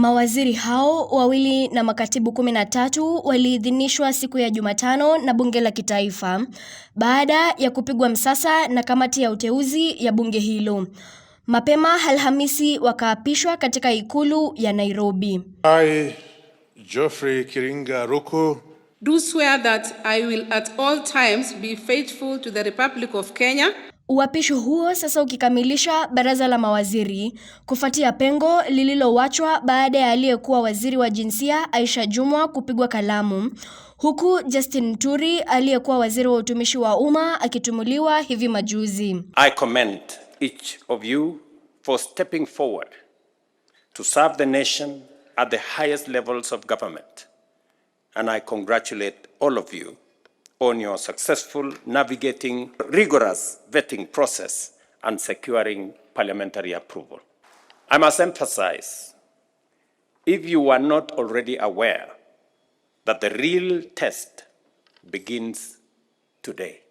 Mawaziri hao wawili na makatibu kumi na tatu waliidhinishwa siku ya Jumatano na bunge la kitaifa baada ya kupigwa msasa na kamati ya uteuzi ya bunge hilo. Mapema Alhamisi wakaapishwa katika ikulu ya Nairobi. I, Geoffrey Kiringa Ruku, do swear that I will at all times be faithful to the Republic of Kenya uapisho huo sasa ukikamilisha baraza la mawaziri kufuatia pengo lililowachwa baada ya aliyekuwa waziri wa jinsia Aisha Jumwa kupigwa kalamu, huku Justin Turi aliyekuwa waziri wa utumishi wa umma akitumuliwa hivi majuzi. I commend each of you for stepping forward to serve the nation at the highest levels of government and I congratulate all of you on your successful navigating rigorous vetting process and securing parliamentary approval. I must emphasize, if you are not already aware, that the real test begins today.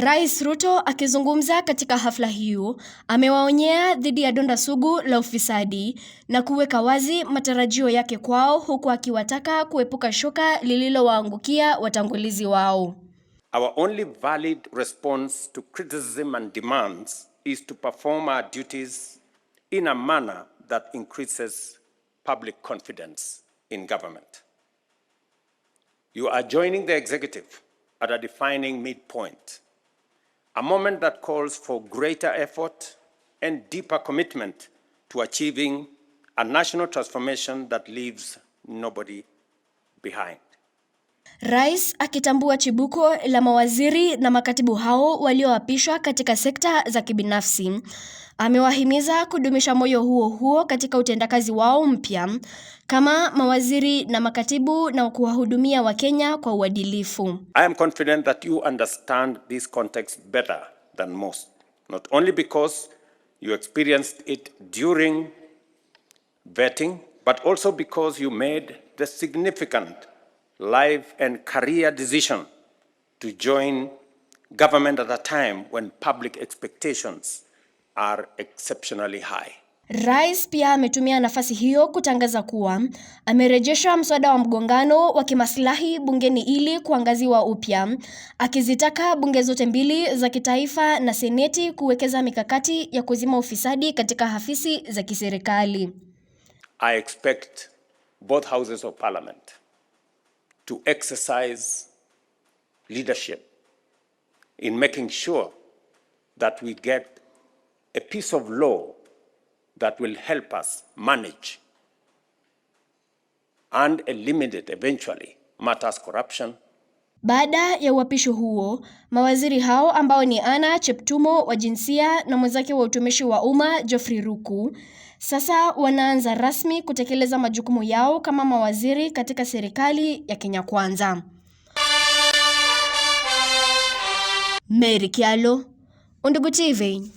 Rais Ruto akizungumza katika hafla hiyo amewaonyea dhidi ya donda sugu la ufisadi na kuweka wazi matarajio yake kwao huku akiwataka kuepuka shoka lililowaangukia watangulizi wao. Our only valid response to criticism and demands is to perform our duties in a manner that increases public confidence in government. You are joining the executive at a defining midpoint a moment that calls for greater effort and deeper commitment to achieving a national transformation that leaves nobody behind. Rais akitambua chibuko la mawaziri na makatibu hao walioapishwa katika sekta za kibinafsi, amewahimiza kudumisha moyo huo huo katika utendakazi wao mpya kama mawaziri na makatibu na kuwahudumia Wakenya kwa uadilifu. I am confident that you understand this context better than most not only because you experienced it during vetting but also because you made the significant life and career decision to join government at a time when public expectations are exceptionally high. Rais pia ametumia nafasi hiyo kutangaza kuwa amerejesha mswada wa mgongano wa kimaslahi bungeni ili kuangaziwa upya, akizitaka bunge zote mbili za kitaifa na seneti kuwekeza mikakati ya kuzima ufisadi katika afisi za kiserikali. I expect both houses of parliament to exercise leadership in making sure that we get a piece of law that will help us manage and eliminate eventually matters corruption baada ya uapisho huo, mawaziri hao ambao ni Anna Cheptumo wa jinsia na mwenzake wa utumishi wa umma Geoffrey Ruku sasa wanaanza rasmi kutekeleza majukumu yao kama mawaziri katika serikali ya Kenya Kwanza. Mary kialo Undugu TV.